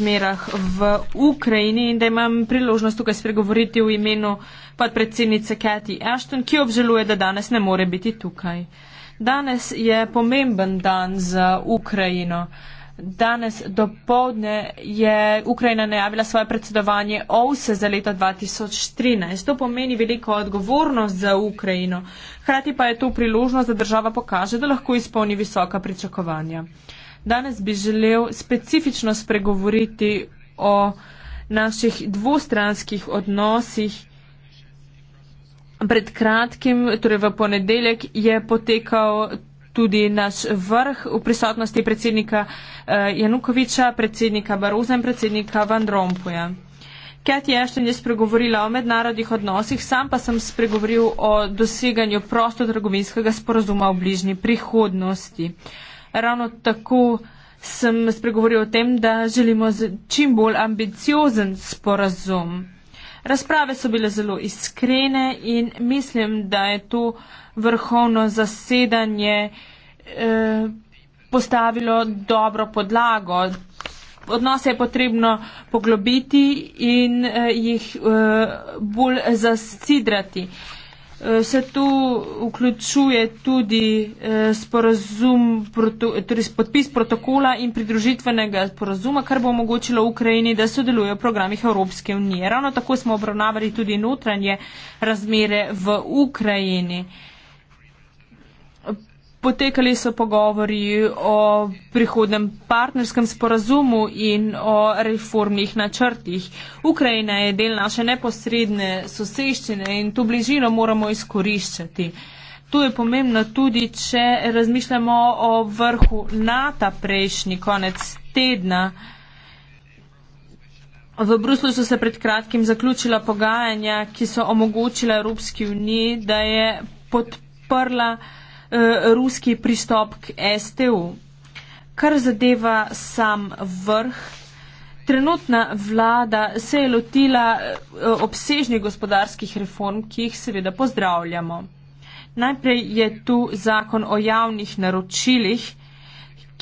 razmerah v Ukrajini in da imam priložnost tukaj spregovoriti v imenu podpredsednice Kathy Ashton, ki obžaluje, da danes ne more biti tukaj. Danes je pomemben dan za Ukrajino. Danes do povdne je Ukrajina najavila svoje predsedovanje OVSE za leto 2013. To pomeni veliko odgovornost za Ukrajino. Hrati pa je to priložnost, da država pokaže, da lahko izpolni visoka pričakovanja. Danes bi želel specifično spregovoriti o naših dvostranskih odnosih. Pred kratkim, torej v ponedeljek, je potekal tudi naš vrh v prisotnosti predsednika eh, Janukoviča, predsednika Baroza in predsednika Van Rompuja. Kati Ashton je spregovorila o mednarodnih odnosih, sam pa sem spregovoril o doseganju prostotrgovinskega sporozuma v bližnji prihodnosti. Uh, ravno tako sem spregovoril o tem, da želimo čim bolj ambiciozen sporazum. Razprave so bile zelo iskrene in mislim, da je to vrhovno zasedanje eh, postavilo dobro podlago. Odnose je potrebno poglobiti in eh, jih eh, bolj zasidrati. Eh, se tu vključuje tudi eh, sporazum, torej podpis protokola in pridružitvenega sporazuma, kar bo omogočilo Ukrajini, da sodeluje v programih Evropske unije. Ravno tako smo obravnavali tudi notranje razmere v Ukrajini. Potekali so pogovori o prihodnem partnerskem sporazumu in o reformnih načrtih. Ukrajina je del naše neposredne soseščine in to bližino moramo izkoriščati. To je pomembno tudi, če razmišljamo o vrhu NATO prejšnji konec tedna. V Bruslu so se pred kratkim zaključila pogajanja, ki so omogočila Evropski uniji, da je podprla. Eh, ruski pristop k STU. Kar zadeva sam vrh, trenutna vlada se je lotila eh, obsežnih gospodarskih reform, ki jih seveda pozdravljamo. Najprej je tu zakon o javnih naročilih,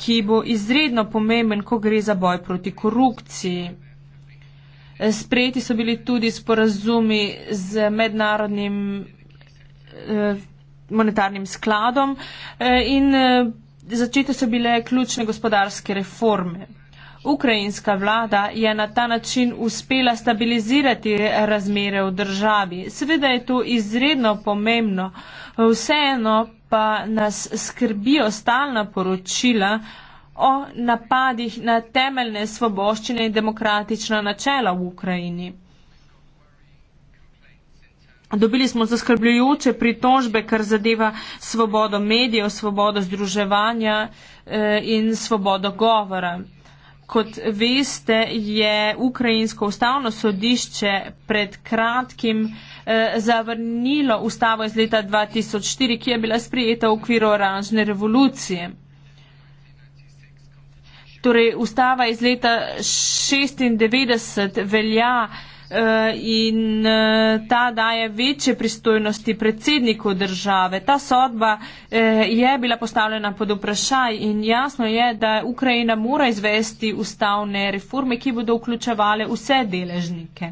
ki bo izredno pomemben, ko gre za boj proti korupciji. Eh, sprejeti so bili tudi sporazumi z mednarodnim eh, monetarnim skladom eh, in eh, začete so bile ključne gospodarske reforme. Ukrajinska vlada je na ta način uspela stabilizirati razmere v državi. Seveda je to izredno pomembno, vseeno pa nas skrbijo stalna poročila o napadih na temeljne svoboščine in demokratična načela v Ukrajini. Dobili smo zaskrbljujoče pritožbe, kar zadeva svobodo medijev, svobodo združevanja eh, in svobodo govora. Kot veste, je ukrajinsko ustavno sodišče pred kratkim eh, zavrnilo ustavo iz leta 2004, ki je bila sprijeta v okviru oranžne revolucije. Torej, ustava iz leta 1996 velja Eh, in eh, ta daje večje pristojnosti predsedniku države. Ta sodba eh, je bila postavljena pod vprašaj in jasno je, da Ukrajina mora izvesti ustavne reforme, ki bodo vključevale vse deležnike.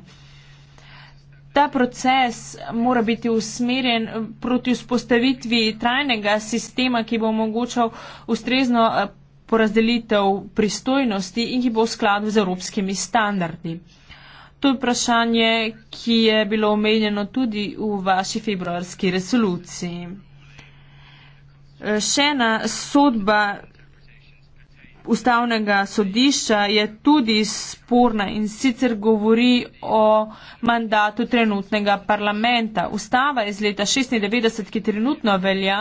Ta proces mora biti usmerjen proti vzpostavitvi trajnega sistema, ki bo omogočal ustrezno porazdelitev pristojnosti in ki bo v skladu z evropskimi standardi. To je vprašanje, ki je bilo omenjeno tudi v vaši februarski resoluciji. E, še ena sodba ustavnega sodišča je tudi sporna in sicer govori o mandatu trenutnega parlamenta. Ustava iz leta 96, ki trenutno velja,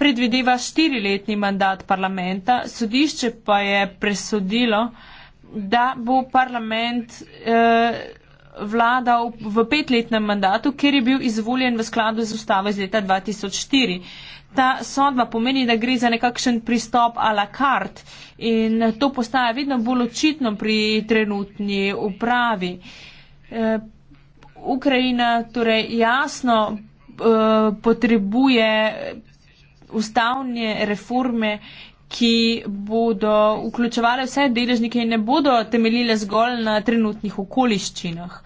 predvideva štiriletni mandat parlamenta, sodišče pa je presodilo, da bo parlament. Eh, vladal v petletnem mandatu, ker je bil izvoljen v skladu z ustavo iz leta 2004. Ta sodba pomeni, da gre za nekakšen pristop a la carte in to postaja vedno bolj očitno pri trenutni upravi. E, Ukrajina torej jasno e, potrebuje ustavne reforme, ki bodo vključevale vse deležnike in ne bodo temeljile zgolj na trenutnih okoliščinah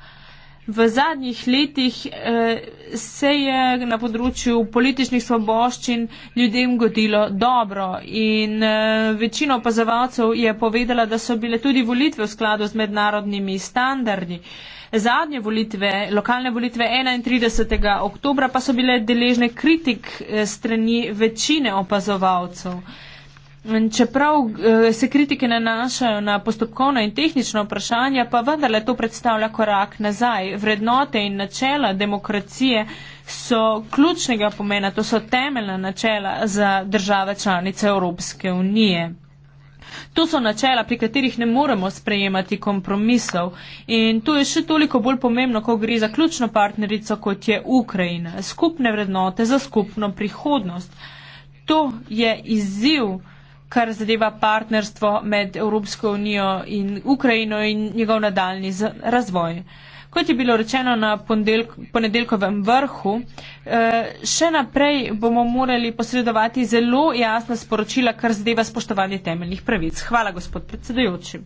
v zadnjih letih eh, se je na področju političnih svoboščin ljudem godilo dobro in eh, večina opazovalcev je povedala, da so bile tudi volitve v skladu z mednarodnimi standardi. Zadnje volitve, lokalne volitve 31. oktobra pa so bile deležne kritik eh, strani večine opazovalcev. Eh, Čeprav eh, se kritike nanašajo na postopkovno in tehnično vprašanje, pa vendarle to predstavlja korak nazaj. Vrednote in načela demokracije so ključnega pomena, to so temeljna načela za države članice Evropske unije. To so načela, pri katerih ne moremo sprejemati kompromisov in to je še toliko bolj pomembno, ko gre za ključno partnerico, kot je Ukrajina. Skupne vrednote za skupno prihodnost. To je izziv kar zadeva partnerstvo med Evropsko unijo in Ukrajino in njegov nadaljni razvoj. Kot je bilo rečeno na ponedeljkovem vrhu, eh, še naprej bomo morali posredovati zelo jasna sporočila, kar zadeva spoštovanje temeljnih pravic. Hvala, gospod predsedujoči.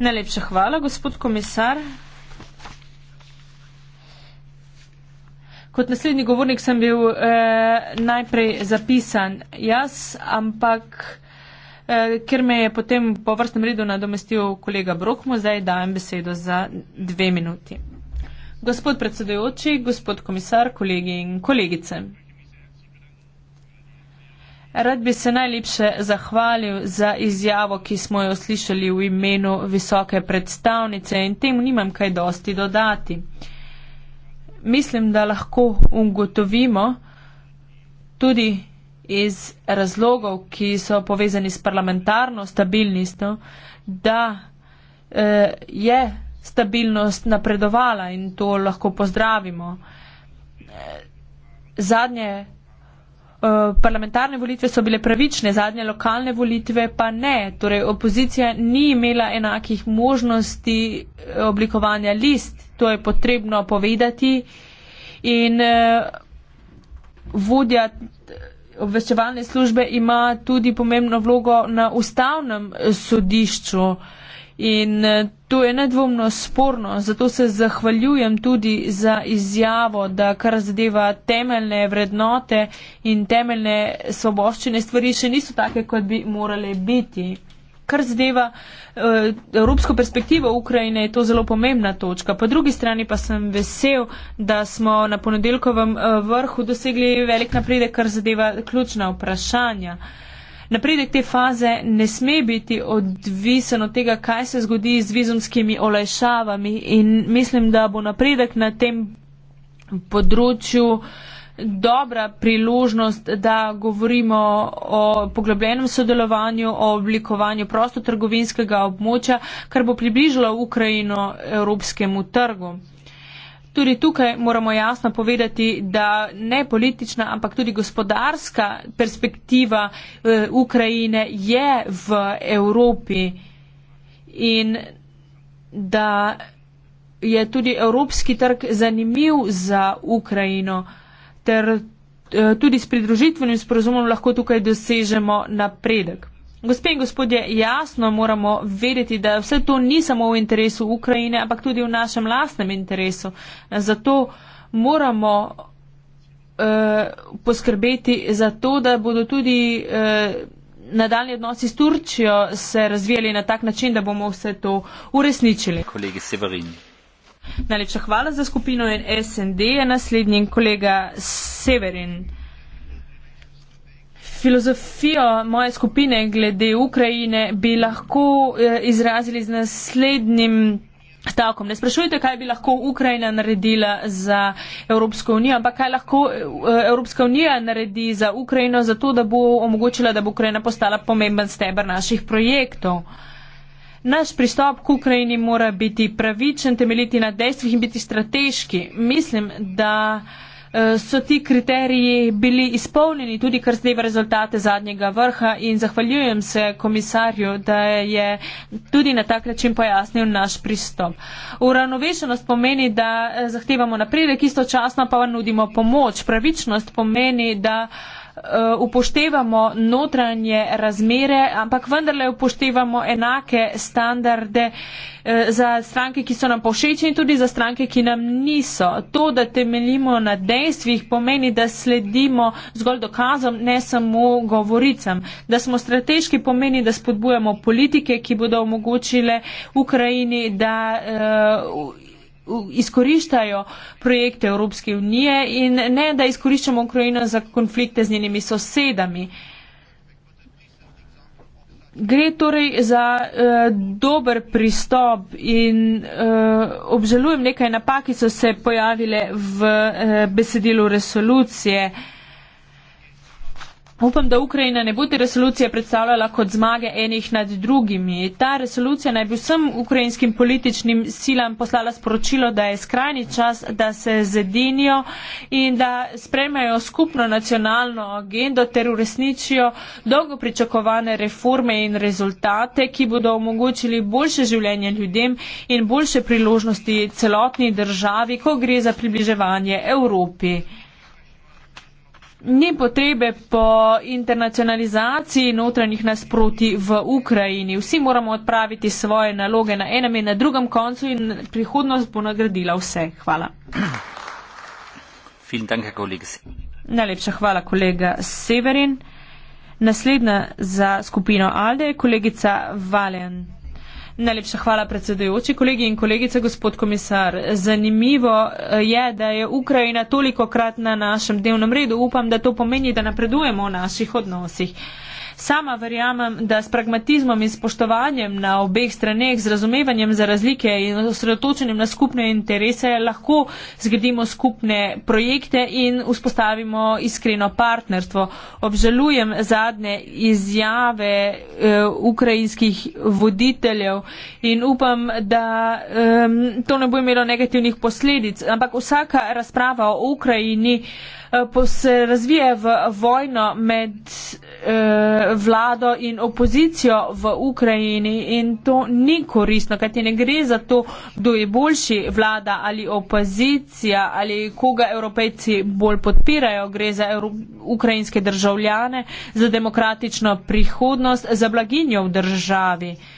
Najlepša hvala, gospod komisar. Kot naslednji govornik sem bil eh, najprej zapisan jaz, ampak eh, ker me je potem po vrstnem redu nadomestil kolega Brokmo, zdaj dajem besedo za dve minuti. Gospod predsedujoči, gospod komisar, kolegi in kolegice. Rad bi se najlepše zahvalil za izjavo, ki smo jo slišali v imenu visoke predstavnice in temu nimam kaj dosti dodati mislim, da lahko ugotovimo tudi iz razlogov, ki so povezani s parlamentarno stabilnostjo, da eh, je stabilnost napredovala in to lahko pozdravimo. Eh, zadnje Eh, parlamentarne volitve so bile pravične, zadnje lokalne volitve pa ne. Torej, opozicija ni imela enakih možnosti eh, oblikovanja list, to je potrebno povedati. In uh, vodja obveščevalne službe ima tudi pomembno vlogo na ustavnem sodišču. Uh, In eh, to je nedvomno sporno, zato se zahvaljujem tudi za izjavo, da kar zadeva temeljne vrednote in temeljne svoboščine, stvari še niso take, kot bi morale biti. Kar zadeva eh, evropsko perspektivo Ukrajine, je to zelo pomembna točka. Po drugi strani pa sem vesel, da smo na ponedeljkovem eh, vrhu dosegli velik napredek, kar zadeva ključna vprašanja. Eh, Napredek te faze ne sme biti odvisen od tega, kaj se zgodi z vizumskimi olajšavami in mislim, da bo napredek na tem področju dobra priložnost, da govorimo o poglobljenem sodelovanju, o oblikovanju prostotrgovinskega območja, kar bo približalo Ukrajino evropskemu trgu. Tudi tukaj moramo jasno povedati, da ne politična, ampak tudi gospodarska perspektiva eh, Ukrajine je v Evropi in da je tudi evropski trg zanimiv za Ukrajino ter eh, tudi s pridružitvenim sporozumom lahko tukaj dosežemo napredek. Gospe in gospodje, jasno moramo vedeti, da vse to ni samo v interesu Ukrajine, ampak tudi v našem lastnem interesu. Zato moramo eh, poskrbeti za to, da bodo tudi eh, nadaljni odnosi s Turčijo se razvijali na tak način, da bomo vse to uresničili. Kolegi Severin. Najlepša hvala za skupino in SND. Naslednji kolega Severin filozofijo moje skupine glede Ukrajine bi lahko eh, izrazili z naslednjim stavkom. Ne sprašujte, kaj bi lahko Ukrajina naredila za Evropsko unijo, ampak kaj lahko eh, Evropska unija naredi za Ukrajino, zato da bo omogočila, da bo Ukrajina postala pomemben stebr naših projektov. Naš pristop k Ukrajini mora biti pravičen, temeljiti na dejstvih in biti strateški. Mislim, da. Eh, so ti kriteriji bili izpolnjeni, tudi kar zdaj v rezultate zadnjega vrha in zahvaljujem se komisarju, da je tudi na tak način pojasnil naš pristop. Uravnovešenost pomeni, da eh, zahtevamo napredek, istočasno pa nudimo pomoč. Pravičnost pomeni, da Eh, upoštevamo notranje razmere, ampak vendarle upoštevamo enake standarde eh, za stranke, ki so nam pošečeni, tudi za stranke, ki nam niso. To, da temeljimo na dejstvih, pomeni, da sledimo zgolj dokazom, ne samo govoricam. Da smo strateški, pomeni, da spodbujamo politike, ki bodo omogočile Ukrajini, da. Uh, izkoriščajo projekte Evropske unije in ne, da izkoriščamo Ukrajino za konflikte z njenimi sosedami. Gre torej za uh, dober pristop in uh, obžalujem nekaj napak, ki so se pojavile v uh, besedilu resolucije. Uh, Upam, da Ukrajina ne bo te resolucije predstavljala kot zmage enih nad drugimi. Ta resolucija naj bi vsem ukrajinskim političnim silam poslala sporočilo, da je skrajni čas, da se zedinijo in da spremajo skupno nacionalno agendo ter uresničijo dolgo pričakovane reforme in rezultate, ki bodo omogočili boljše življenje ljudem in boljše priložnosti celotni državi, ko gre za približevanje Evropi ni potrebe po internacionalizaciji notranjih nasproti v Ukrajini. Vsi moramo odpraviti svoje naloge na enem in na drugem koncu in prihodnost bo nagradila vse. Hvala. Najlepša hvala, kolega Severin. Naslednja za skupino Alde je kolegica Valen. Najlepša hvala, predsedujoči, kolegi in kolegice, gospod komisar. Zanimivo eh, je, da je Ukrajina toliko krat na našem dnevnem redu. Upam, da to pomeni, da napredujemo v naših odnosih. Sama verjamem, da s pragmatizmom in spoštovanjem na obeh straneh, z razumevanjem za razlike in osredotočenjem na skupne interese lahko zgradimo skupne projekte in vzpostavimo iskreno partnerstvo. Obžalujem zadnje izjave eh, ukrajinskih voditeljev in upam, da eh, to ne bo imelo negativnih posledic, ampak vsaka razprava o Ukrajini se razvije v vojno med eh, vlado in opozicijo v Ukrajini in to ni korisno, kajti ne gre za to, kdo je boljši vlada ali opozicija ali koga evropejci bolj podpirajo. Gre za Evro ukrajinske državljane, za demokratično prihodnost, za blaginjo v državi. Eh,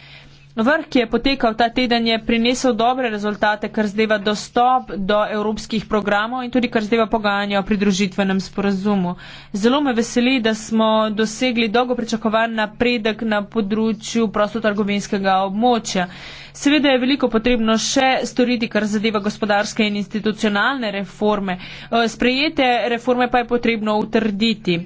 Vrh, ki je potekal ta teden, je prinesel dobre rezultate, kar zdeva dostop do evropskih programov in tudi kar zdeva pogajanja o pridružitvenem sporazumu. Zelo me veseli, da smo dosegli dolgo pričakovan napredek na področju prostotrgovinskega območja. Seveda je veliko potrebno še storiti, kar zadeva gospodarske in institucionalne reforme. Eh, sprejete reforme pa je potrebno utrditi.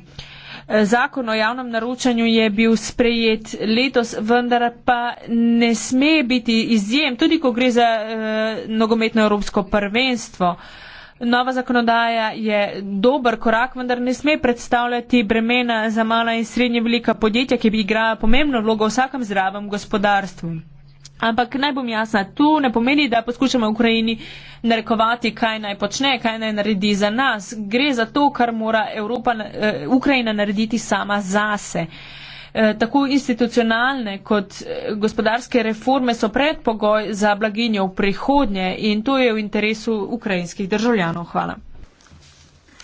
Zakon o javnem naročanju je bil sprejet letos, vendar pa ne sme biti izjem, tudi ko gre za eh, nogometno evropsko prvenstvo. Nova zakonodaja je dober korak, vendar ne sme predstavljati bremena za mala in srednje velika podjetja, ki bi igrala pomembno vlogo v vsakem zdravem gospodarstvu. Ampak naj bom jasna, tu ne pomeni, da poskušamo Ukrajini narekovati, kaj naj počne, kaj naj naredi za nas. Gre za to, kar mora Evropa, eh, Ukrajina narediti sama zase. Eh, tako institucionalne kot eh, gospodarske reforme so predpogoj za blaginjo v prihodnje in to je v interesu ukrajinskih državljanov. Hvala.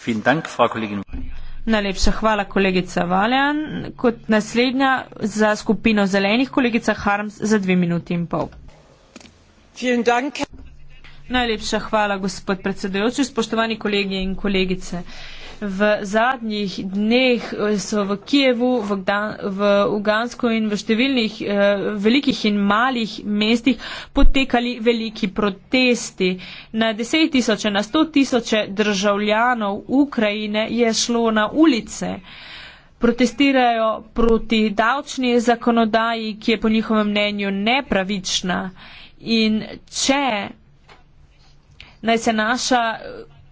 Vielen Dank, Frau Kollegin. Najlepša hvala, kolegica Valjan. Kot naslednja za skupino zelenih, kolegica Harms za dve minuti in pol. Najlepša hvala, gospod predsedujoči, spoštovani kolegi in kolegice. V zadnjih dneh eh, so v Kijevu, v, Gdan, v Ugansku in v številnih eh, velikih in malih mestih potekali veliki protesti. Na deset tisoče, na sto tisoče državljanov Ukrajine je šlo na ulice. Protestirajo proti davčni zakonodaji, ki je po njihovem mnenju nepravična. In če naj se naša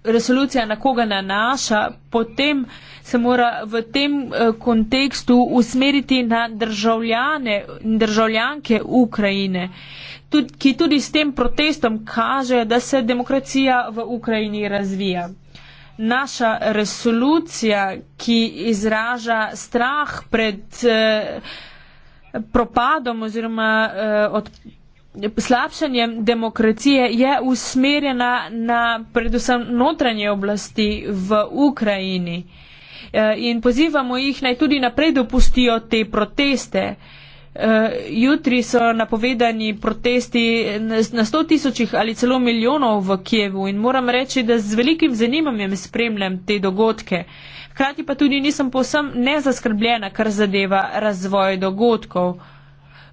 resolucija na koga nanaša, potem se mora v tem eh, kontekstu usmeriti na državljane in državljanke Ukrajine, ki tudi s tem protestom kažejo, da se demokracija v Ukrajini razvija. Naša resolucija, ki izraža strah pred eh, propadom oziroma eh, od slabšanjem demokracije je usmerjena na predvsem notranje oblasti v Ukrajini e, in pozivamo jih naj tudi naprej dopustijo te proteste. E, jutri so napovedani protesti na sto tisočih ali celo milijonov v Kijevu in moram reči, da z velikim zanimanjem spremljam te dogodke. Hkrati pa tudi nisem posem nezaskrbljena, kar zadeva razvoj dogodkov. Uh,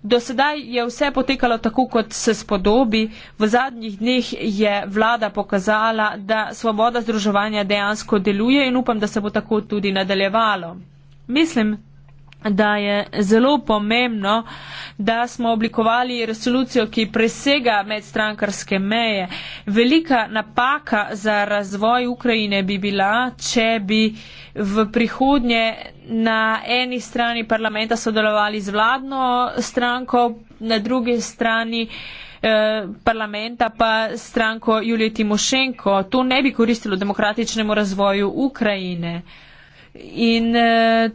Do sedaj je vse potekalo tako, kot se spodobi. V zadnjih dneh je vlada pokazala, da svoboda združevanja dejansko deluje in upam, da se bo tako tudi nadaljevalo. Mislim, da je zelo pomembno, da smo oblikovali resolucijo, ki presega medstrankarske meje. Velika napaka za razvoj Ukrajine bi bila, če bi v prihodnje na eni strani parlamenta sodelovali z vladno stranko, na drugi strani eh, parlamenta pa stranko Julije Timošenko. To ne bi koristilo demokratičnemu razvoju Ukrajine. In eh,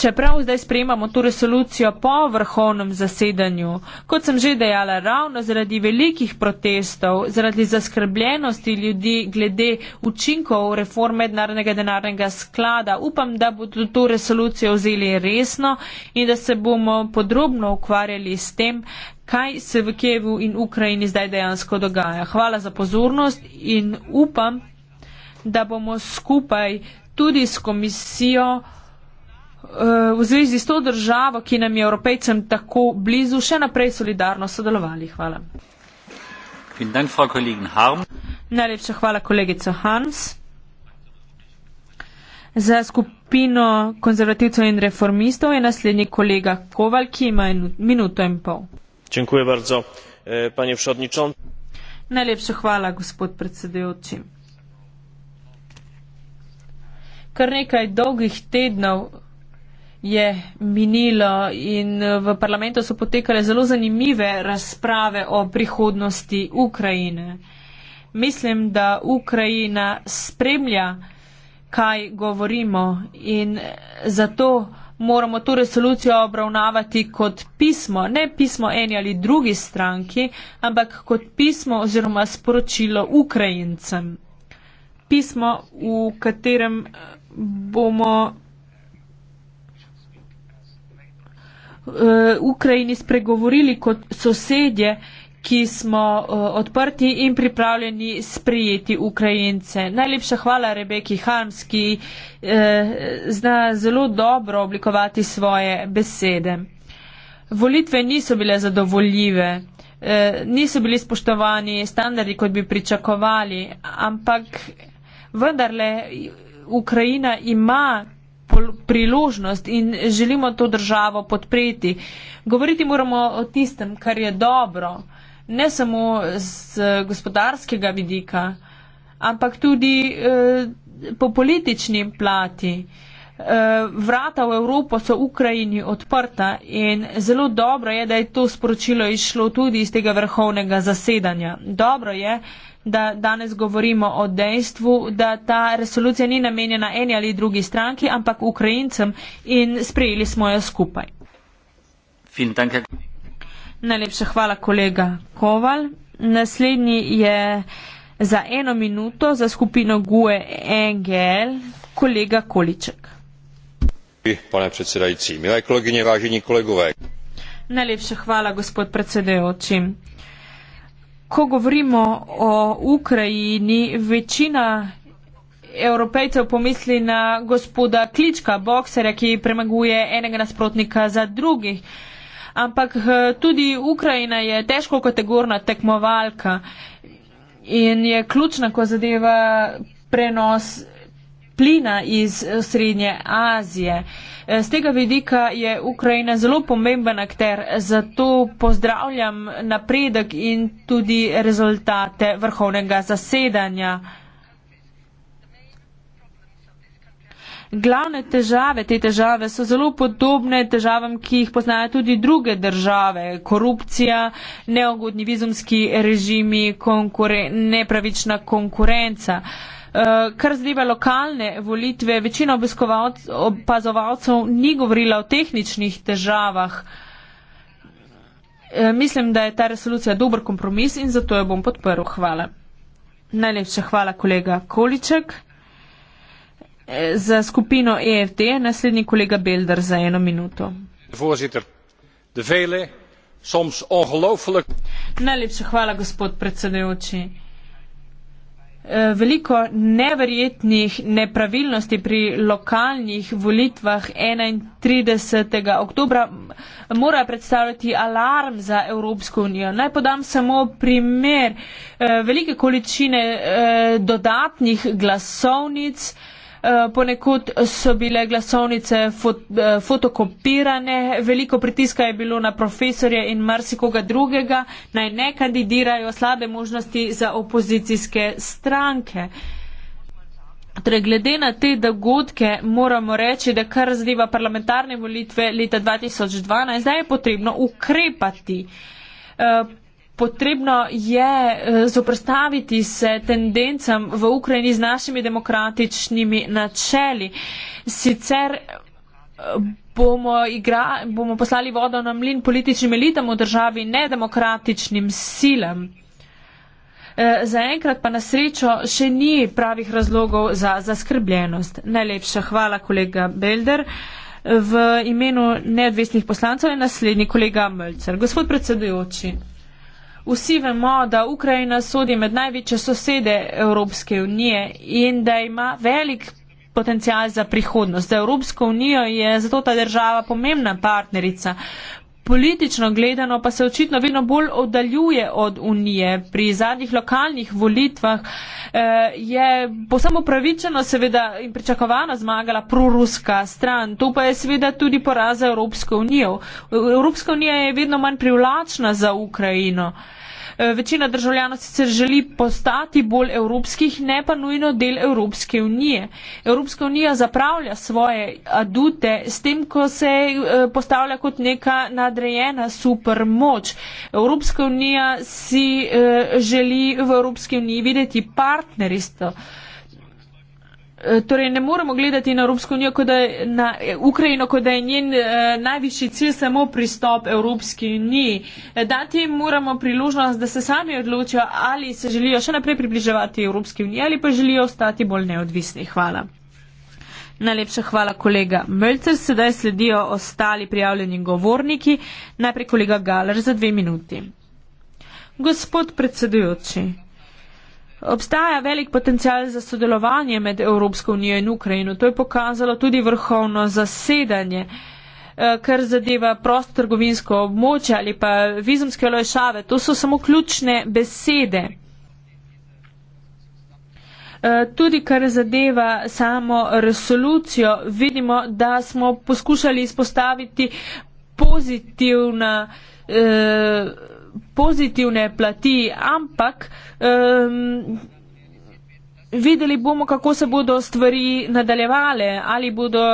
Čeprav zdaj sprejemamo to resolucijo po vrhovnem zasedanju, kot sem že dejala, ravno zaradi velikih protestov, zaradi zaskrbljenosti ljudi glede učinkov reform mednarodnega denarnega sklada, upam, da bodo to resolucijo vzeli resno in da se bomo podrobno ukvarjali s tem, kaj se v Kijevu in Ukrajini zdaj dejansko dogaja. Hvala za pozornost in upam, da bomo skupaj tudi s komisijo. Eh, v zvezi s to državo, ki nam je evropejcem tako blizu, še naprej solidarno sodelovali. Hvala. Dank, Frau Harm. Najlepša hvala, kolegica Hans. Za skupino konzervativcev in reformistov je naslednji kolega Koval, ki ima minuto in pol. Bardzo, e, Najlepša hvala, gospod predsedujoči. Kar nekaj dolgih tednov je minilo in eh, v parlamentu so potekale zelo zanimive razprave o prihodnosti Ukrajine. Mislim, da Ukrajina spremlja, kaj govorimo in eh, zato moramo to resolucijo obravnavati kot pismo, ne pismo eni ali drugi stranki, ampak kot pismo oziroma sporočilo Ukrajincem. Pismo, v katerem eh, bomo Eh, Ukrajini spregovorili kot sosedje, ki smo eh, odprti in pripravljeni sprijeti Ukrajince. Najlepša hvala Rebeki Harms, ki eh, zna zelo dobro oblikovati svoje besede. Volitve niso bile zadovoljive, niso bili spoštovani standardi, kot bi pričakovali, ampak vendarle Ukrajina ima priložnost in želimo to državo podpreti. Govoriti moramo o tistem, kar je dobro, ne samo z gospodarskega vidika, ampak tudi eh, po politični plati. Eh, vrata v Evropo so Ukrajini odprta in zelo dobro je, da je to sporočilo išlo tudi iz tega vrhovnega zasedanja. Dobro je, da danes govorimo o dejstvu, da ta resolucija ni namenjena eni ali drugi stranki, ampak Ukrajincem in sprejeli smo jo skupaj. Najlepša hvala, kolega Koval. Naslednji je za eno minuto za skupino GUE NGL, kolega Količek. Najlepša hvala, gospod predsedujoči ko govorimo o Ukrajini, večina evropejcev pomisli na gospoda Klička, bokserja, ki premaguje enega nasprotnika za drugih. Ampak eh, tudi Ukrajina je težko kategorna tekmovalka in je ključna, ko zadeva prenos plina iz eh, Srednje Azije. Uh, Eh, z tega vidika je Ukrajina zelo pomemben akter, zato pozdravljam napredek in tudi rezultate vrhovnega zasedanja. Glavne težave, te težave so zelo podobne težavam, ki jih poznajo tudi druge države. Korupcija, neugodni vizumski režimi, konkure, nepravična konkurenca. Uh, Uh, kar zadeva lokalne volitve, večina opazovalcev ni govorila o tehničnih težavah. Eh, mislim, da je ta resolucija dober kompromis in zato jo bom podprl. Hvala. Najlepša hvala, kolega Količek. Eh, za skupino EFD je naslednji kolega Belder za eno minuto. Najlepša hvala, gospod predsedujoči. Eh, veliko neverjetnih nepravilnosti pri lokalnih volitvah 31. oktobra mora predstavljati alarm za Evropsko unijo. Naj podam samo primer eh, velike količine eh, dodatnih glasovnic, Eh, ponekud so bile glasovnice fot, eh, fotokopirane, veliko pritiska je bilo na profesorje in marsikoga drugega, naj ne kandidirajo slabe možnosti za opozicijske stranke. Torej, glede na te dogodke moramo reči, da kar zadeva parlamentarne volitve leta 2012, zdaj je potrebno ukrepati. Eh, potrebno je eh, zoprstaviti se tendencam v Ukrajini z našimi demokratičnimi načeli. Sicer eh, bomo, igra, bomo poslali vodo na mlin političnim elitam v državi, ne demokratičnim silam. Eh, zaenkrat pa na srečo še ni pravih razlogov za zaskrbljenost. Najlepša hvala, kolega Belder. V imenu neodvisnih poslancev je naslednji kolega Mölcer. Gospod predsedujoči. Vsi vemo, da Ukrajina sodi med največje sosede Evropske unije in da ima velik potencial za prihodnost. Za Evropsko unijo je zato ta država pomembna partnerica. Politično gledano pa se očitno vedno bolj oddaljuje od Unije. Pri zadnjih lokalnih volitvah eh, je posebno pravičeno seveda in pričakovano zmagala proruska stran. To pa je seveda tudi poraz za Evropsko unijo. Evropska unija je vedno manj privlačna za Ukrajino. Eh, Eh, večina državljanov sicer želi postati bolj evropskih, ne pa nujno del Evropske unije. Evropska unija zapravlja svoje adute s tem, ko se eh, postavlja kot neka nadrejena supermoč. Evropska unija si eh, želi v Evropski uniji videti partneristo. Eh, torej, ne moramo gledati na Evropsko unijo, kot da je na eh, Ukrajino, kot da je njen eh, najvišji cilj samo pristop Evropski uniji. Eh, dati jim moramo priložnost, da se sami odločijo, ali se želijo še naprej približevati Evropski uniji ali pa želijo ostati bolj neodvisni. Hvala. Najlepša hvala, kolega Mölcer. Sedaj sledijo ostali prijavljeni govorniki. Najprej kolega Galer za dve minuti. Gospod predsedujoči. Obstaja velik potencial za sodelovanje med Evropsko unijo in Ukrajino. To je pokazalo tudi vrhovno zasedanje, eh, kar zadeva prostotrgovinsko območje ali pa vizumske lojšave. To so samo ključne besede. Eh, tudi kar zadeva samo resolucijo, vidimo, da smo poskušali izpostaviti pozitivna. Eh, pozitivne plati, ampak um, videli bomo, kako se bodo stvari nadaljevale, ali bodo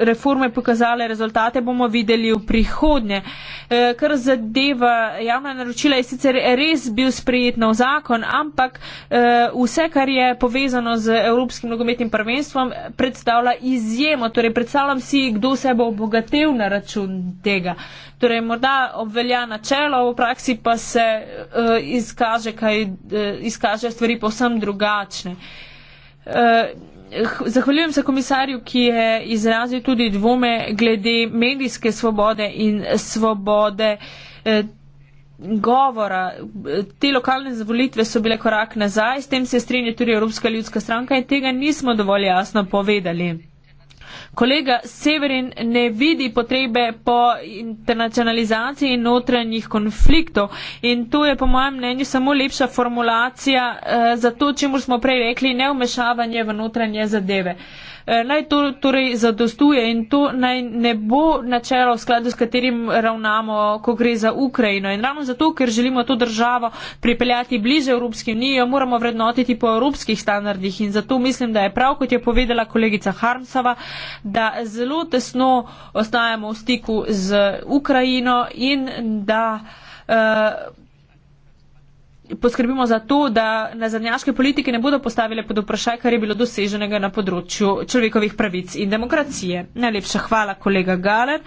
reforme pokazale rezultate, bomo videli v prihodnje. E, kar zadeva javna naročila je sicer res bil sprejet nov zakon, ampak e, vse, kar je povezano z Evropskim nogometnim prvenstvom, predstavlja izjemo. Torej, predstavljam si, kdo se bo obogatil na račun tega. Torej, morda obvelja načelo, v praksi pa se e, izkaže, kaj, izkaže stvari povsem drugačne zahvaljujem se komisarju, ki je izrazil tudi dvome glede medijske svobode in svobode eh, govora. Te lokalne zavolitve so bile korak nazaj, s tem se strinja tudi Evropska ljudska stranka in tega nismo dovolj jasno povedali. Kolega Severin ne vidi potrebe po internacionalizaciji in notranjih konfliktov in to je po mojem mnenju samo lepša formulacija eh, za to, čemu smo prej rekli, neumešavanje v notranje zadeve. Eh, Eh, naj to torej zadostuje in to naj ne bo načelo, v skladu s katerim ravnamo, ko gre za Ukrajino. In ravno zato, ker želimo to državo pripeljati bliže Evropski uniji, jo moramo vrednotiti po evropskih standardih. In zato mislim, da je prav, kot je povedala kolegica Harmsova, da zelo tesno ostajamo v stiku z Ukrajino in da. Uh, poskrbimo za to, da nazadnjaške politike ne bodo postavile pod vprašaj, kar je bilo doseženega na področju človekovih pravic in demokracije. Najlepša hvala, kolega Galer.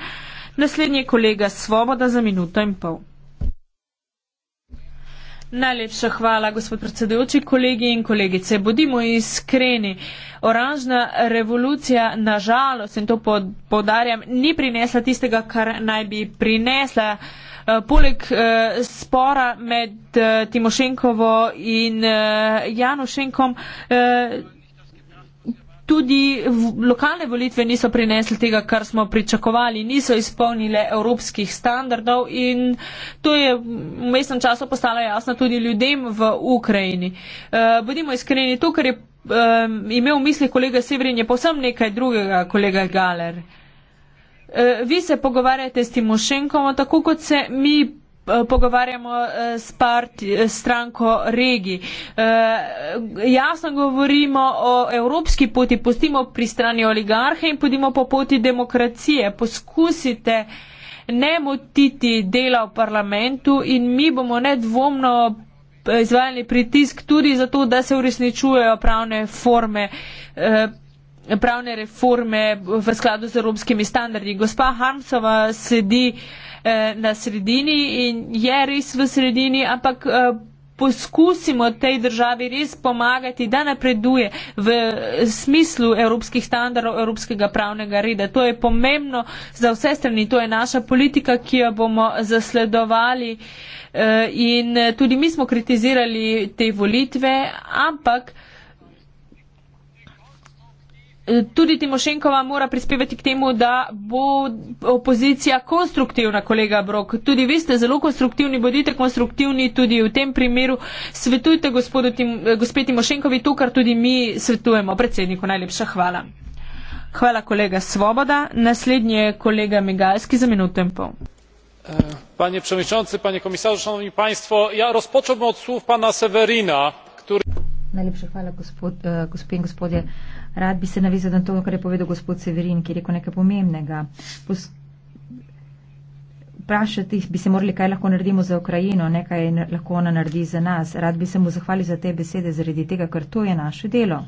Naslednji je kolega Svoboda za minuto in pol. Najlepša hvala, gospod predsedujoči, kolegi in kolegice. Bodimo iskreni. Oranžna revolucija, nažalost, in to podarjam, ni prinesla tistega, kar naj bi prinesla. Eh, poleg uh, spora med uh, Timošenkovo in uh, Janošenkom, uh, tudi v, lokalne volitve niso prinesli tega, kar smo pričakovali, niso izpolnile evropskih standardov in to je v mestnem času postalo jasno tudi ljudem v Ukrajini. Uh, bodimo iskreni, to, kar je um, imel v mislih kolega Severin, je povsem nekaj drugega, kolega Galer. Uh, Eh, vi se pogovarjate s Timošenkom, tako kot se mi eh, pogovarjamo eh, s parti, stranko regi. Jasno govorimo o evropski poti, pustimo pri strani oligarhe in pustimo po poti demokracije. Poskusite ne motiti dela v parlamentu in mi bomo nedvomno izvajali pritisk tudi zato, da se uresničujejo pravne forme pravne reforme v skladu z evropskimi standardi. Gospa Harmsova sedi eh, na sredini in je res v sredini, ampak eh, poskusimo tej državi res pomagati, da napreduje v eh, smislu evropskih standardov, evropskega pravnega reda. To je pomembno za vse strani, to je naša politika, ki jo bomo zasledovali in tudi mi smo kritizirali te volitve, ampak Eh, tudi Timošenkova mora prispevati k temu, da bo opozicija konstruktivna, kolega Brok. Tudi vi ste zelo konstruktivni, bodite konstruktivni tudi v tem primeru. Svetujte Tim, eh, gospe Timošenkovi to, kar tudi mi svetujemo. Predsedniku najlepša hvala. Hvala, kolega Svoboda. Naslednji je kolega Migalski za minuto in pol. Eh, panie przewodniczący, panie komisarzu, szanowni państwo, ja rozpocząłbym od słów pana Severina, który. Najlepsze chwale, gospodzie, e, gospodzie, gospodzie. Rad bi se navezal na to, kar je povedal gospod Severin, ki je rekel nekaj pomembnega. Pos Vprašati bi se morali, kaj lahko naredimo za Ukrajino, ne kaj lahko ona naredi za nas. Rad bi se mu zahvalil za te besede, zaradi tega, ker to je naše delo.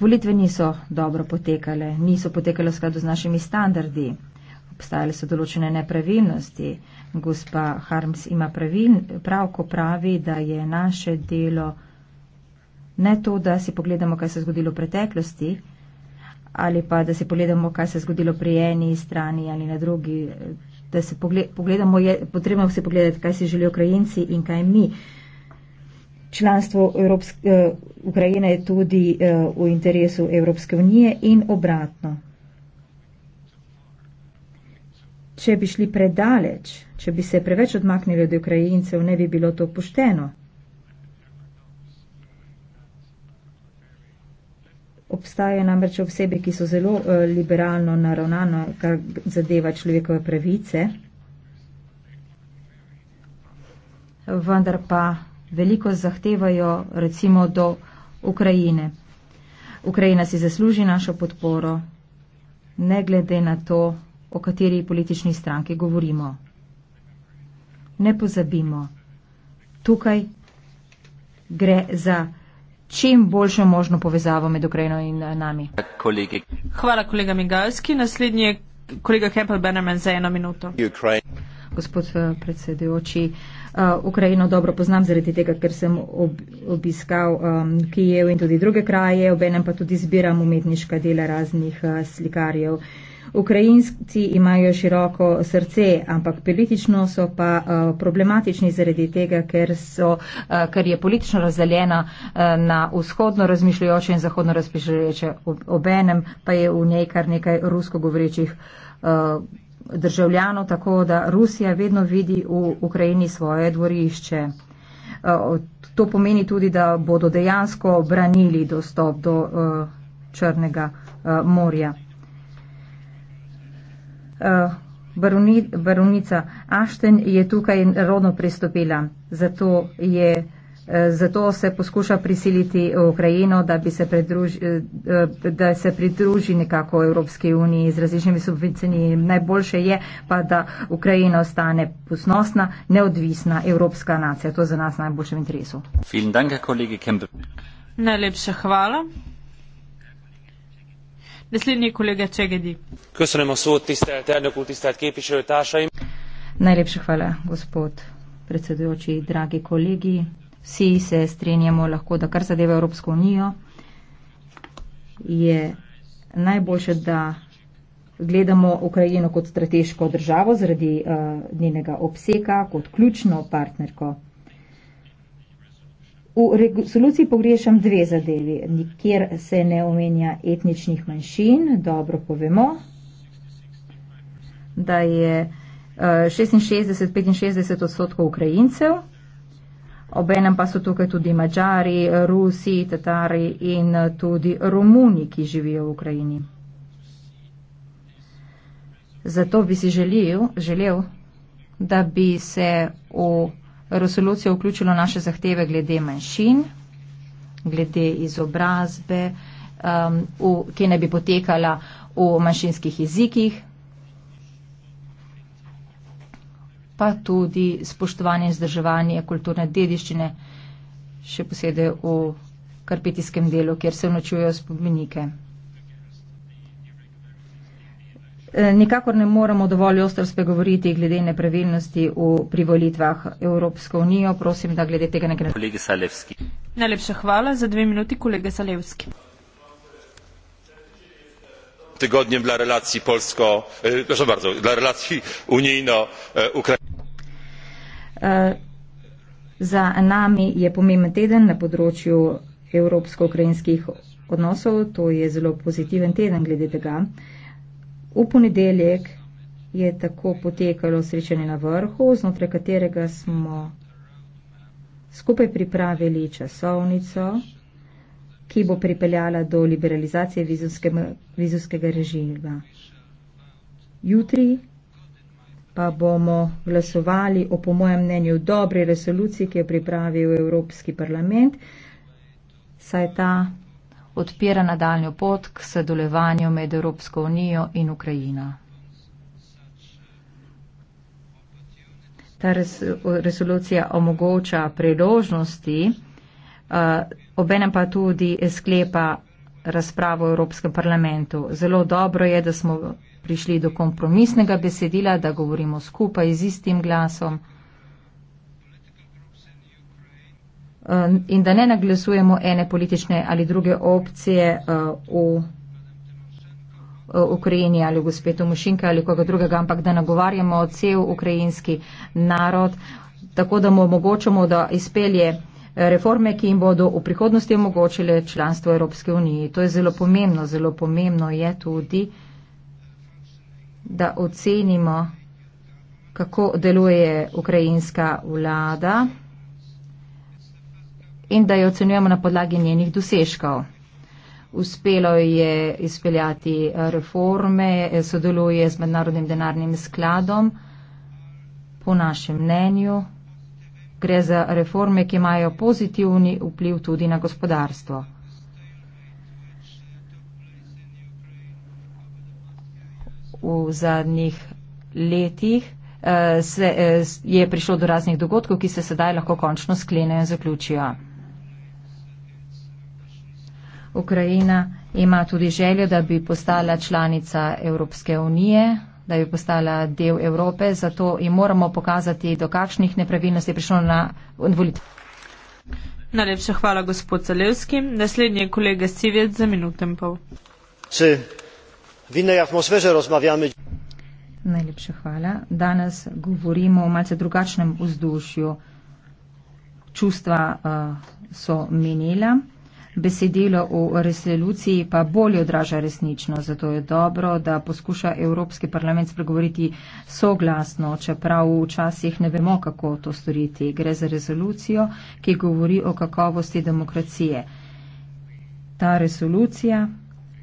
Volitve niso dobro potekale, niso potekale v skladu z našimi standardi. Obstajale so določene nepravilnosti. Gospa Harms ima pravil, prav, ko pravi, da je naše delo. Ne to, da si pogledamo, kaj se je zgodilo v preteklosti, ali pa da si pogledamo, kaj se je zgodilo pri eni strani ali na drugi. Da se pogledamo, je potrebno se pogledati, kaj si želijo Ukrajinci in kaj mi. Članstvo Evropske, eh, Ukrajine je tudi eh, v interesu Evropske unije in obratno. Če bi šli predaleč, če bi se preveč odmaknili od Ukrajincev, ne bi bilo to pošteno. Obstajajo namreč osebe, ki so zelo eh, liberalno naravnane, kar zadeva človekove pravice, vendar pa veliko zahtevajo recimo do Ukrajine. Ukrajina si zasluži našo podporo, ne glede na to, o kateri politični stranki govorimo. Ne pozabimo, tukaj gre za čim boljšo možno povezavo med Ukrajino in eh, nami. Kolegi. Hvala, kolega Migalski. Naslednji je kolega Kempel Benjamin za eno minuto. Ukraine. Gospod eh, predsedujoči, eh, Ukrajino dobro poznam zaradi tega, ker sem ob, obiskal um, Kijev in tudi druge kraje, obenem pa tudi zbiram umetniška dela raznih uh, slikarjev. Uh, Ukrajinci imajo široko srce, ampak politično so pa eh, problematični zaradi tega, ker, so, eh, ker je politično razdeljena eh, na vzhodno razmišljajoče in zahodno razmišljajoče obenem, pa je v njej kar nekaj rusko govorečih državljanov, tako da Rusija vedno vidi v Ukrajini svoje dvorišče. To pomeni tudi, da bodo dejansko branili dostop do Črnega morja. Eh, baroni, baronica Ašten je tukaj rodno pristopila, zato, je, eh, zato se poskuša prisiliti Ukrajino, da, bi se pridruži, eh, da se pridruži nekako Evropski uniji z različnimi subvencijami. Najboljše je pa, da Ukrajina ostane posnosna, neodvisna evropska nacija. To je za nas najboljšem interesu. Najlepša hvala. Köszönöm a szót, tisztelt elnök úr, tisztelt képviselőtársaim! Najlepša hvala, gospod predsedujoči, dragi kolegi. Vsi se strinjamo lahko, da kar zadeva Evropsko unijo, je najboljše, da gledamo Ukrajino kot strateško državo zaradi uh, njenega obsega, kot ključno partnerko. V resoluciji pogrešam dve zadevi. Nikjer se ne omenja etničnih manjšin, dobro povemo, da je 66-65 eh, odstotkov Ukrajincev, obenem pa so tukaj tudi Mačari, Rusi, Tatari in eh, tudi Romuni, ki živijo v Ukrajini. Zato bi si želil, želel, da bi se v resolucijo vključilo naše zahteve glede manjšin, glede izobrazbe, um, v, ki ne bi potekala v manjšinskih jezikih, pa tudi spoštovanje in zdrževanje kulturne dediščine, še posebej v karpetijskem delu, kjer se vnočujejo spomenike. nikakor ne moremo dovolj ostro spregovoriti glede nepravilnosti v privolitvah Evropsko unijo. Prosim, da glede tega nekaj naredite. Najlepša hvala za dve minuti, kolega Salevski. Tygodniem dla relacji polsko, e, proszę bardzo, dla relacji unijno-ukraińskich. E, za nami je pomemben teden na področju evropsko-ukrajinskih odnosov, to je zelo pozitiven teden glede tega. V ponedeljek je tako potekalo srečanje na vrhu, znotraj katerega smo skupaj pripravili časovnico, ki bo pripeljala do liberalizacije vizumskega režima. Jutri pa bomo glasovali o, po mojem mnenju, dobri resoluciji, ki je pripravil Evropski parlament, saj ta odpira nadaljo pot k sodelovanju med Evropsko unijo in Ukrajino. Ta res, resolucija omogoča priložnosti, uh, obenem pa tudi sklepa razpravo v Evropskem parlamentu. Zelo dobro je, da smo prišli do kompromisnega besedila, da govorimo skupaj z istim glasom. Um, in da ne naglasujemo ene politične ali druge opcije uh, v uh, Ukrajini ali gospe Tomošinke ali koga drugega, ampak da nagovarjamo cel ukrajinski narod, tako da mu omogočamo, da izpelje eh, reforme, ki jim bodo v prihodnosti omogočile članstvo Evropske unije. To je zelo pomembno. Zelo pomembno je tudi, da ocenimo, kako deluje ukrajinska vlada in da jo ocenjujemo na podlagi njenih dosežkov. Uspelo je izpeljati eh, reforme, eh, sodeluje z mednarodnim denarnim skladom. Po našem mnenju gre za reforme, ki imajo pozitivni vpliv tudi na gospodarstvo. V zadnjih letih eh, se, je prišlo do raznih dogodkov, ki se sedaj lahko končno sklenejo in zaključijo. Ukrajina ima tudi željo, da bi postala članica Evropske unije, da bi postala del Evrope, zato jim moramo pokazati, do kakšnih nepravilnosti je prišlo na volitve. Najlepša hvala, gospod Zalevski. Naslednji je kolega Sivjet za minutem pol. Se, vi ne jahmo sveže razmavljamo. Najlepša hvala. Danes govorimo o malce drugačnem vzdušju. Čustva uh, so menila. Besedilo v resoluciji pa bolje odraža resnično, zato je dobro, da poskuša Evropski parlament spregovoriti soglasno, čeprav včasih ne vemo, kako to storiti. Gre za resolucijo, ki govori o kakovosti demokracije. Ta resolucija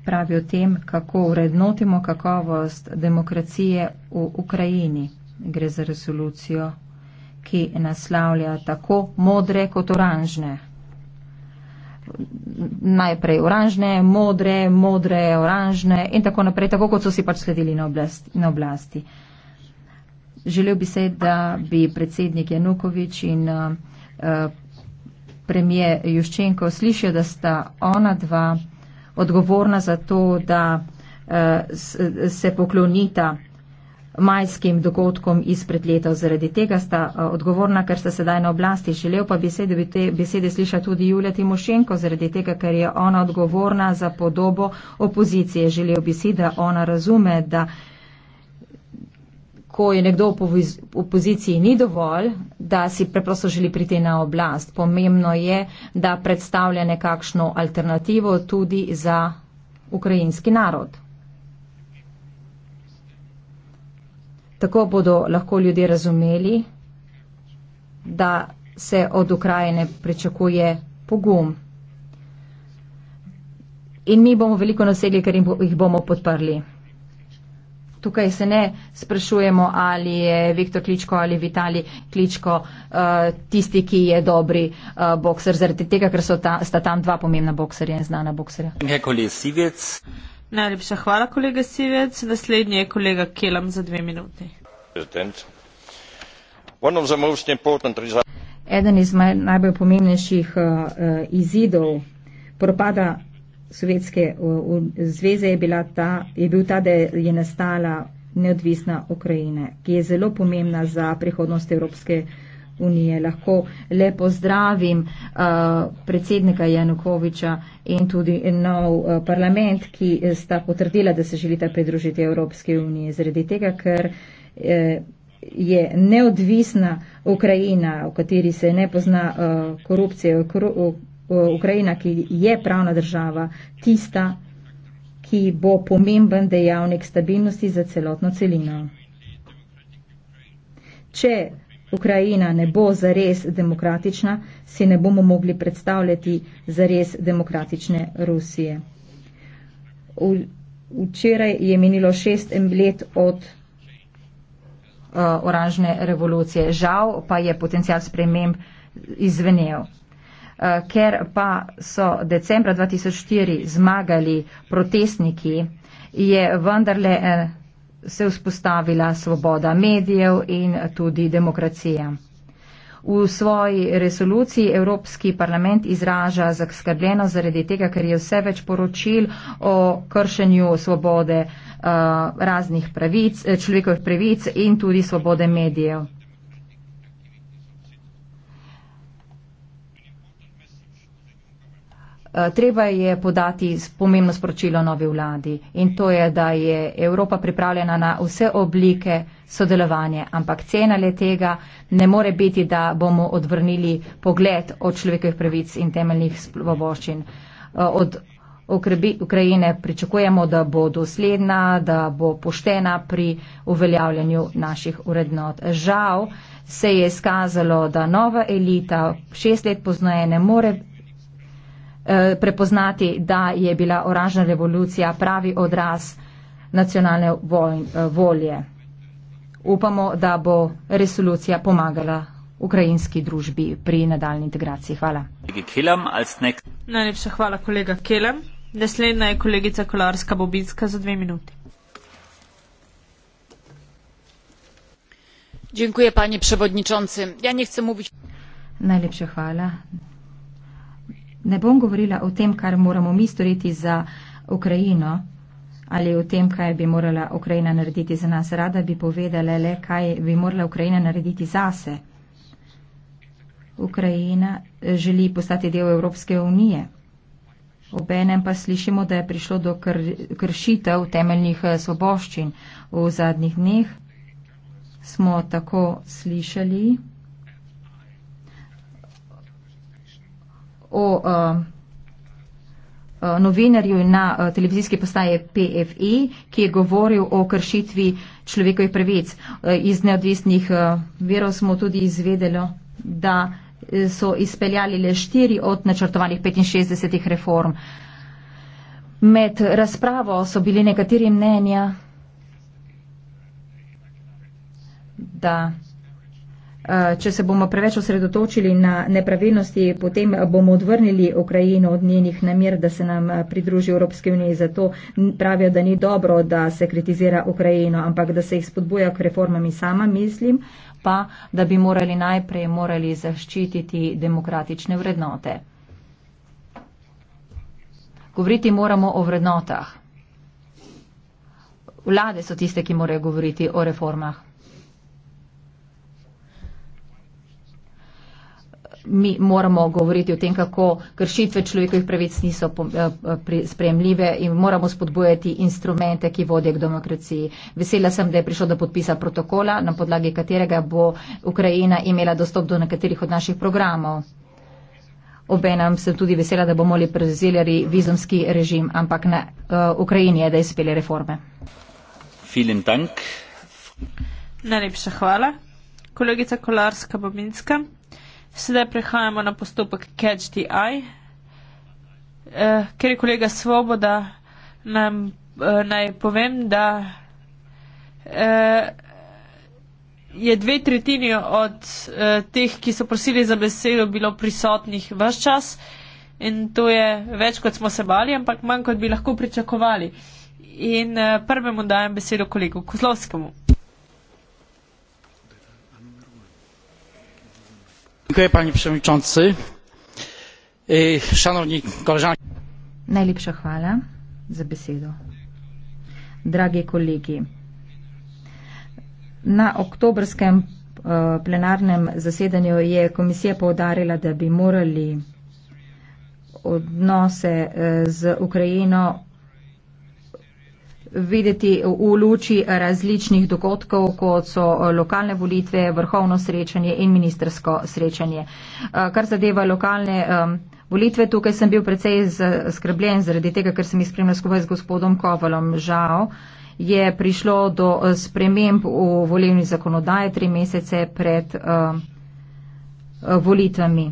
pravi o tem, kako urednotimo kakovost demokracije v Ukrajini. Gre za resolucijo, ki naslavlja tako modre kot oranžne najprej oranžne, modre, modre, oranžne in tako naprej, tako kot so si pač sledili na oblasti. Na oblasti. Želel bi se, da bi predsednik Janukovič in uh, uh premije Juščenko slišal, da sta ona dva odgovorna za to, da uh, se poklonita majskim dogodkom izpred leta. Zaradi tega sta eh, odgovorna, ker sta sedaj na oblasti. Želel pa besede, bi te besede slišal tudi Julija Timošenko, zaradi tega, ker je ona odgovorna za podobo opozicije. Želel bi si, da ona razume, da ko je nekdo v opoziciji ni dovolj, da si preprosto želi priti na oblast. Pomembno je, da predstavlja nekakšno alternativo tudi za ukrajinski narod. Tako bodo lahko ljudje razumeli, da se od Ukrajine pričakuje pogum. In mi bomo veliko naselje, ker jih bomo podprli. Tukaj se ne sprašujemo, ali je Viktor Kličko ali Vitali Kličko uh, tisti, ki je dobri uh, bokser, zaradi tega, ker ta, sta tam dva pomembna bokserja in znana bokserja. Nekoli je sivec. Najlepša hvala, kolega Sivec. Naslednji je kolega Kelam za dve minuti. Eden izmed najbolj pomembnejših uh, uh, izidov propada Sovjetske uh, zveze je, bila ta, je bil ta, da je nastala neodvisna Ukrajina, ki je zelo pomembna za prihodnost Evropske unije unije. Lahko le pozdravim uh, predsednika Janukoviča in tudi nov uh, parlament, ki eh, sta potrdila, da se želita pridružiti Evropske unije, zredi tega, ker eh, je neodvisna Ukrajina, v kateri se ne pozna uh, korupcije, kru, uh, Ukrajina, ki je pravna država, tista, ki bo pomemben dejavnik stabilnosti za celotno celino. Če Ukrajina ne bo zares demokratična, si ne bomo mogli predstavljati zares demokratične Rusije. V, včeraj je minilo šest let od uh, oranžne revolucije. Žal pa je potencial sprememb izvenel. Uh, ker pa so decembra 2004 zmagali protestniki, je vendarle. Uh, se vzpostavila svoboda medijev in tudi demokracija. V svoji resoluciji Evropski parlament izraža zaskrbljeno zaradi tega, ker je vse več poročil o kršenju svobode uh, raznih pravic, eh, človekovih pravic in tudi svobode medijev. Eh, treba je podati pomembno sporočilo novi vladi in to je, da je Evropa pripravljena na vse oblike sodelovanja, ampak cena le tega ne more biti, da bomo odvrnili pogled od človekovih pravic in temeljnih svoboščin. Eh, od Ukrajine pričakujemo, da bo dosledna, da bo poštena pri uveljavljanju naših urednot. Žal se je skazalo, da nova elita šest let poznaje ne more Eh, prepoznati, da je bila oranžna revolucija pravi odraz nacionalne vojn, eh, volje. Upamo, da bo resolucija pomagala ukrajinski družbi pri nadaljni integraciji. Hvala. Najlepša hvala, kolega Kelem. Naslednja je kolegica Kolarska Bobinska za dve minuti. Dziękuję, panie przewodniczący. Ja nie chcę mówić. Najlepsze chwala ne bom govorila o tem, kar moramo mi storiti za Ukrajino ali o tem, kaj bi morala Ukrajina narediti za nas. Rada bi povedala le, kaj bi morala Ukrajina narediti zase. Ukrajina eh, želi postati del Evropske unije. Obenem pa slišimo, da je prišlo do kr kršitev temeljnih eh, svoboščin v zadnjih dneh. Smo tako slišali, o eh, eh, novinarju na eh, televizijski postaji PFE, ki je govoril o kršitvi človekovih pravic. Iz neodvisnih verov smo tudi izvedeli, da so izpeljali le štiri od načrtovanih 65 reform. Med razpravo so bili nekateri mnenja, da Eh, če se bomo preveč osredotočili na nepravilnosti, potem bomo odvrnili Ukrajino od njenih namir, da se nam eh, pridruži Evropske unije. Zato pravijo, da ni dobro, da se kritizira Ukrajino, ampak da se jih spodbuja k reformami sama, mislim pa, da bi morali najprej morali zaščititi demokratične vrednote. Govoriti moramo o vrednotah. Vlade so tiste, ki morajo govoriti o reformah. mi moramo govoriti o tem, kako kršitve človekovih pravic niso eh, sprejemljive in moramo spodbojati instrumente, ki vodijo k demokraciji. Vesela sem, da je prišlo do podpisa protokola, na podlagi katerega bo Ukrajina imela dostop do nekaterih od naših programov. Obenem sem tudi vesela, da bomo li prezeljali vizumski režim, ampak na uh, Ukrajini je, da izpeli reforme. Najlepša hvala. Kolegica Kolarska-Bobinska. Sedaj prehajamo na postopek Catch the Eye. Uh, ker je kolega Svoboda, nam, uh, naj povem, da uh, je dve tretjini od uh, teh, ki so prosili za besedo, bilo prisotnih vse čas in to je več, kot smo se bali, ampak manj, kot bi lahko pričakovali. In uh, prvemu dajem besedo kolegu Kozlovskemu. panie przewodniczący! E, szanowni koleżanki! Najlepsza chwała za besedo. Dragi kolegi, na oktobrskem e, plenarnem zasedanju je komisija povdarila, da bi morali odnose e, z Ukrajino videti v luči različnih dogodkov, kot so lokalne volitve, vrhovno srečanje in ministersko srečanje. Eh, kar zadeva lokalne volitve, tukaj sem bil precej skrbljen zaradi tega, ker sem jih spremljal skupaj z gospodom Kovalom. Žal je prišlo do eh, sprememb v volilni zakonodaji tri mesece pred volitvami.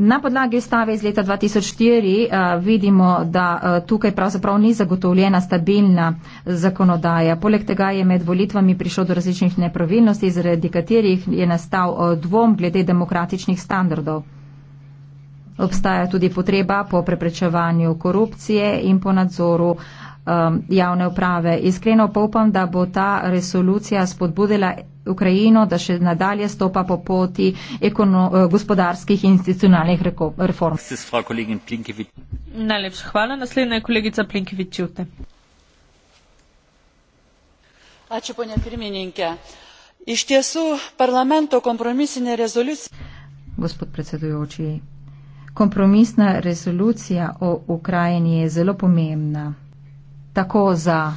Na podlagi ustave iz leta 2004 uh, eh, vidimo, da uh, tukaj pravzaprav ni zagotovljena stabilna eh, zakonodaja. Poleg tega je med volitvami prišlo do različnih nepravilnosti, zaradi katerih je nastal uh, dvom glede demokratičnih standardov. Obstaja tudi potreba po preprečevanju korupcije in po nadzoru uh, um, javne uprave. Iskreno pa upam, da bo ta resolucija spodbudila Ukrajino, da še nadalje stopa po poti ekono, eh, gospodarskih in institucionalnih reform. Najlepša hvala. Naslednja je kolegica Plinkevič. Ačiū, ponia pirmininkė. Iš tiesų, parlamento kompromisinė rezoliucija. Gospod predsedujočiai, kompromisna rezolucija o Ukrajini je zelo pomembna tako za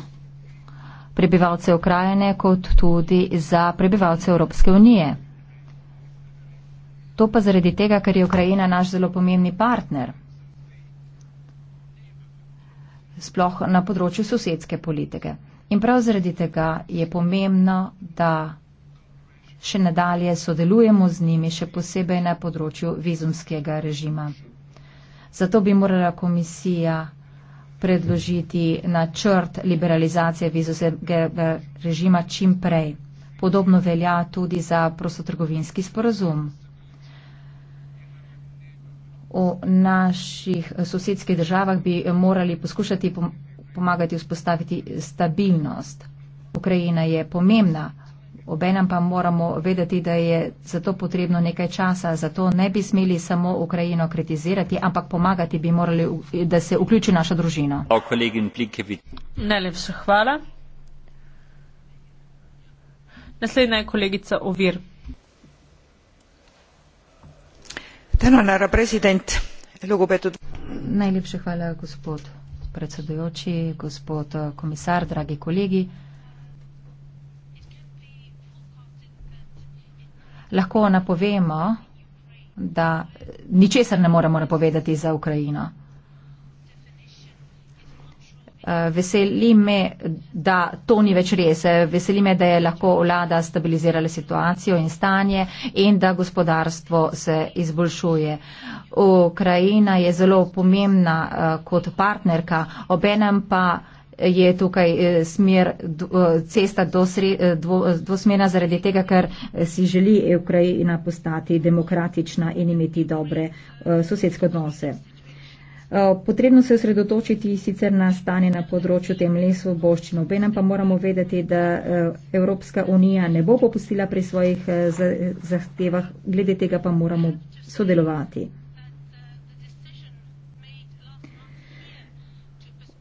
prebivalce Ukrajine, kot tudi za prebivalce Evropske unije. To pa zaradi tega, ker je Ukrajina naš zelo pomembni partner, sploh na področju sosedske politike. In prav zaradi tega je pomembno, da še nadalje sodelujemo z njimi, še posebej na področju vizumskega režima. Zato bi morala komisija predložiti načrt liberalizacije vizusega režima čim prej. Podobno velja tudi za prostotrgovinski sporazum. V naših sosedskih državah bi morali poskušati pomagati vzpostaviti stabilnost. Ukrajina je pomembna Obenem pa moramo vedeti, da je za to potrebno nekaj časa, zato ne bi smeli samo Ukrajino kritizirati, ampak pomagati bi morali, da se vključi naša družina. Najlepša hvala. Naslednja je kolegica Ovir. Tenonara, president, lugupetud. Najlepša hvala, gospod predsedujoči, gospod eh, komisar, dragi kolegi. lahko napovemo, da ničesar ne moremo napovedati za Ukrajino. Eh, veseli me, da to ni več res. Eh, veseli me, da je lahko vlada stabilizirala situacijo in stanje in da gospodarstvo se izboljšuje. Ukrajina je zelo pomembna eh, kot partnerka, obenem pa je tukaj eh, smer, eh, cesta dosre, eh, dvo, dvosmena zaradi tega, ker si želi Ukrajina postati demokratična in imeti dobre sosedske odnose. Potrebno se osredotočiti sicer na stanje na področju tem lesu v Boščino. Obenem pa moramo vedeti, da Evropska unija ne bo popustila pri svojih zahtevah, glede tega pa moramo sodelovati.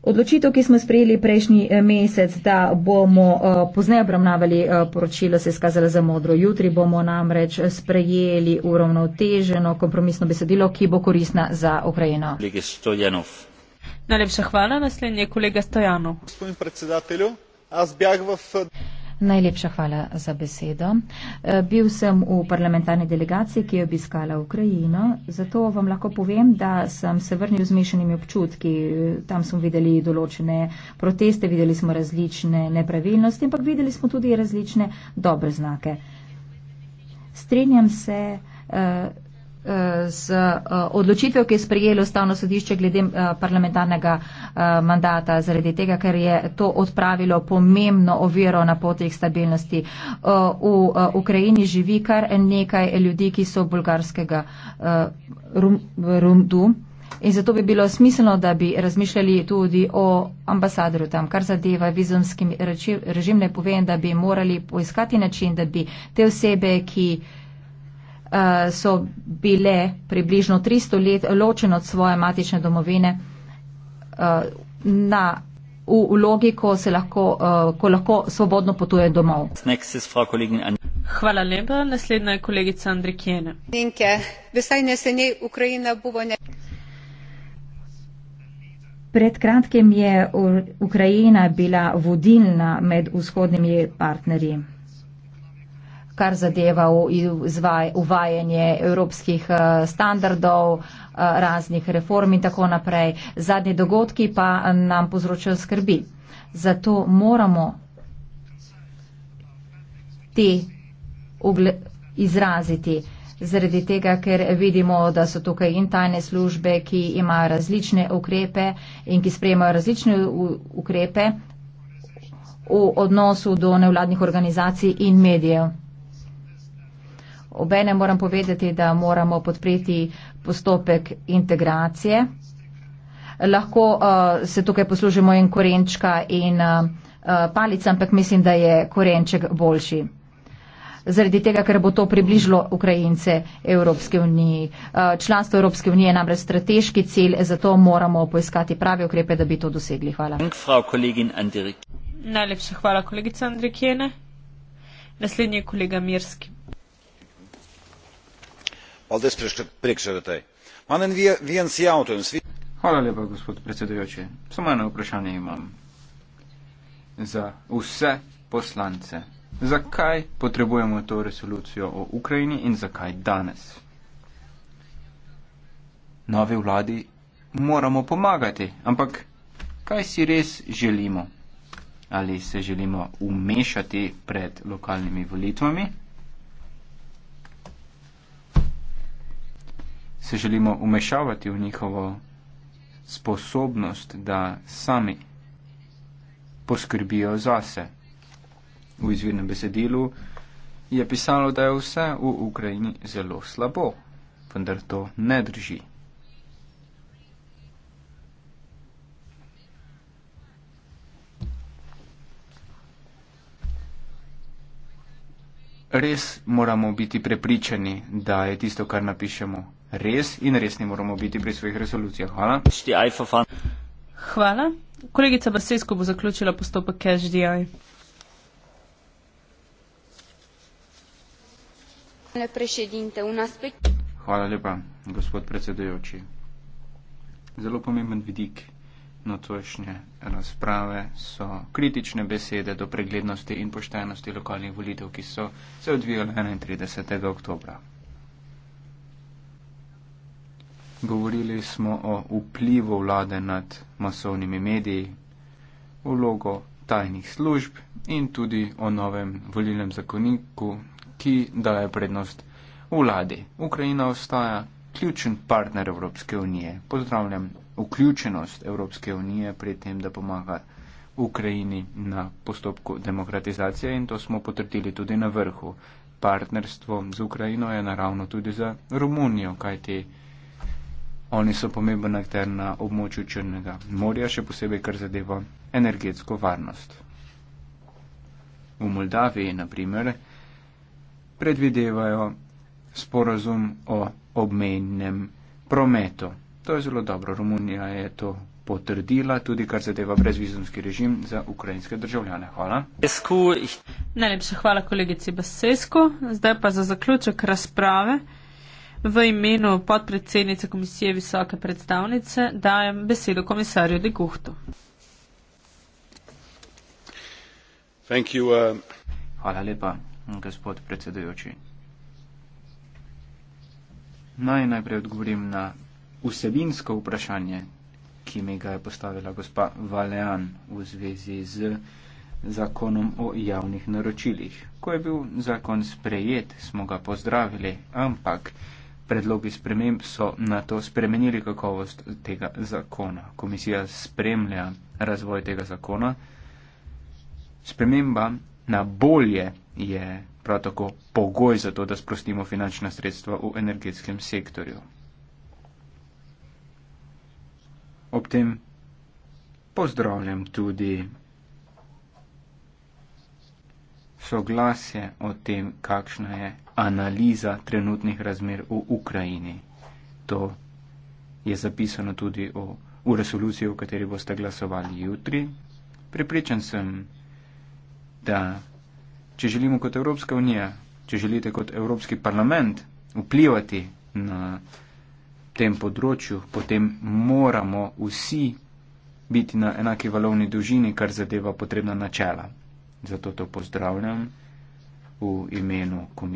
Odločitev, ki smo sprejeli prejšnji eh, mesec, da bomo eh, pozneje obravnavali eh, poročilo, se je skazala za modro. Jutri bomo namreč sprejeli uravnoteženo kompromisno besedilo, ki bo korisna za Ukrajino. Najlepša hvala, naslednji je kolega Stojanov. Najlepša hvala za besedo. E, bil sem v parlamentarni delegaciji, ki je obiskala Ukrajino, zato vam lahko povem, da sem se vrnil z mešanimi občutki. Tam smo videli določene proteste, videli smo različne nepravilnosti, ampak videli smo tudi različne dobre znake. Strenjam se. Uh, Eh, z eh, odločitvijo, ki je sprejelo ustavno sodišče glede eh, parlamentarnega mandata zaradi tega, ker je to odpravilo pomembno oviro na poti k stabilnosti. V Ukrajini živi kar nekaj ljudi, ki so bulgarskega rumdu. In zato bi bilo smiselno, da bi razmišljali tudi o ambasadru tam, kar zadeva vizumski režim. Ne povem, da bi morali poiskati način, da bi te osebe, ki uh, Eh, so bile približno 300 let ločene od svoje matične domovine eh, na, v, v logi, ko, se lahko, eh, ko lahko svobodno potuje domov. Hvala lepa. Naslednja je kolegica Andrikjene. Pred kratkim je Ukrajina bila vodilna med vzhodnimi partnerji kar zadeva uvajanje evropskih eh, standardov, eh, raznih reform in tako naprej. Zadnji dogodki pa eh, nam povzročajo skrbi. Zato moramo te izraziti. Zaradi tega, ker vidimo, da so tukaj in tajne službe, ki imajo različne ukrepe in ki sprejemajo različne ukrepe v odnosu do nevladnih organizacij in medijev. Obene moram povedati, da moramo podpreti postopek integracije. Lahko uh, se tukaj poslužimo in korenčka in uh, uh palica, ampak mislim, da je korenček boljši. Zaradi tega, ker bo to približilo Ukrajince Evropske unije. Uh, članstvo Evropske unije je namreč strateški cilj, zato moramo poiskati prave ukrepe, da bi to dosegli. Hvala. Najlepša hvala, kolegica Andrikjene. Naslednji je kolega Mirski valdes prekršaj. Manen viens jautājums. Hvala lepa, gospod predsedujoči. Samo eno vprašanje imam. Za vse poslance. Zakaj potrebujemo to resolucijo o Ukrajini in zakaj danes? Novi vladi moramo pomagati, ampak kaj si res želimo? Ali se želimo umešati pred lokalnimi volitvami? se želimo umešavati v njihovo sposobnost, da sami poskrbijo zase. V izvirnem besedilu je pisalo, da je vse v Ukrajini zelo slabo, vendar to ne drži. res moramo biti prepričani, da je tisto, kar napišemo, res in res ne moramo biti pri svojih resolucijah. Hvala. Hvala. Kolegica Vasesko bo zaključila postopek CashDI. Hvala lepa, gospod predsedujoči. Zelo pomemben vidik notošnje razprave so kritične besede do preglednosti in poštenosti lokalnih volitev, ki so se odvijale 31. oktobra. Govorili smo o vplivu vlade nad masovnimi mediji, vlogo tajnih služb in tudi o novem volilnem zakoniku, ki daje prednost vladi. Ukrajina ostaja ključen partner Evropske unije. Pozdravljam vključenost Evropske unije pri tem, da pomaga Ukrajini na postopku demokratizacije in to smo potrdili tudi na vrhu. Partnerstvo z Ukrajino je naravno tudi za Romunijo, kajti oni so pomemben akter na območju Črnega morja, še posebej kar zadeva energetsko varnost. V Moldaviji, na primer, predvidevajo sporazum o obmejnem prometu. To je zelo dobro. Romunija je to potrdila, tudi kar zadeva brezvizumski režim za ukrajinske državljane. Hvala. Najlepša hvala kolegici Basesko. Zdaj pa za zaključek razprave v imenu podpredsednice Komisije Visoke predstavnice dajem besedo komisarju De Guhtu. You, uh... Hvala lepa, gospod predsedujoči. Naj najprej odgovorim na vsebinsko vprašanje, ki mi ga je postavila gospa Valean v zvezi z zakonom o javnih naročilih. Ko je bil zakon sprejet, smo ga pozdravili, ampak predlogi sprememb so na to spremenili kakovost tega zakona. Komisija spremlja razvoj tega zakona. Sprememba na bolje je prav tako pogoj za to, da sprostimo finančna sredstva v energetskem sektorju. Ob tem pozdravljam tudi soglasje o tem, kakšna je analiza trenutnih razmer v Ukrajini. To je zapisano tudi o, v resoluciji, o kateri boste glasovali jutri. Pripričan sem, da če želimo kot Evropska unija, če želite kot Evropski parlament vplivati na tem področju, potem moramo vsi biti na enaki valovni dolžini, kar zadeva potrebna načela. Zato to pozdravljam v imenu komisije.